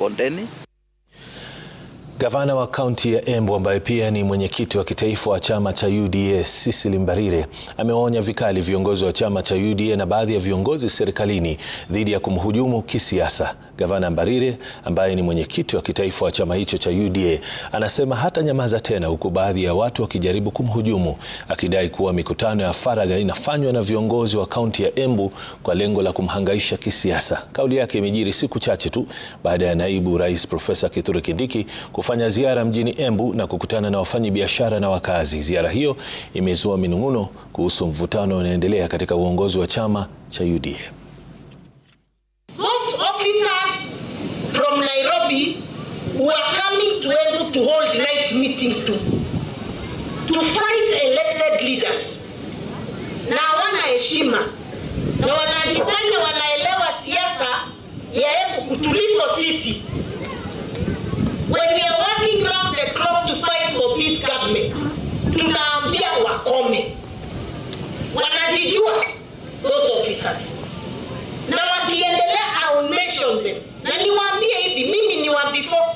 kondeni. Gavana wa kaunti ya Embu ambaye pia ni mwenyekiti wa kitaifa wa chama cha UDA Cecily Mbarire amewaonya vikali viongozi wa chama cha UDA na baadhi ya viongozi serikalini dhidi ya kumhujumu kisiasa. Gavana Mbarire ambaye ni mwenyekiti wa kitaifa wa chama hicho cha UDA anasema hata nyamaza tena, huku baadhi ya watu wakijaribu kumhujumu, akidai kuwa mikutano ya faragha inafanywa na viongozi wa kaunti ya Embu kwa lengo la kumhangaisha kisiasa. Kauli yake imejiri siku chache tu baada ya naibu rais Profesa Kithure Kindiki kufa kufanya ziara mjini Embu na kukutana na wafanyabiashara na wakazi. Ziara hiyo imezua minung'uno kuhusu mvutano unaoendelea katika uongozi wa chama cha UDA. Na wanajifanya wanaelewa siasa ya Embu kutuliko sisi. tunaambia wakome. Wanazijua those officers na wakiendelea, I'll na niwaambie hivi, mimi ni wa before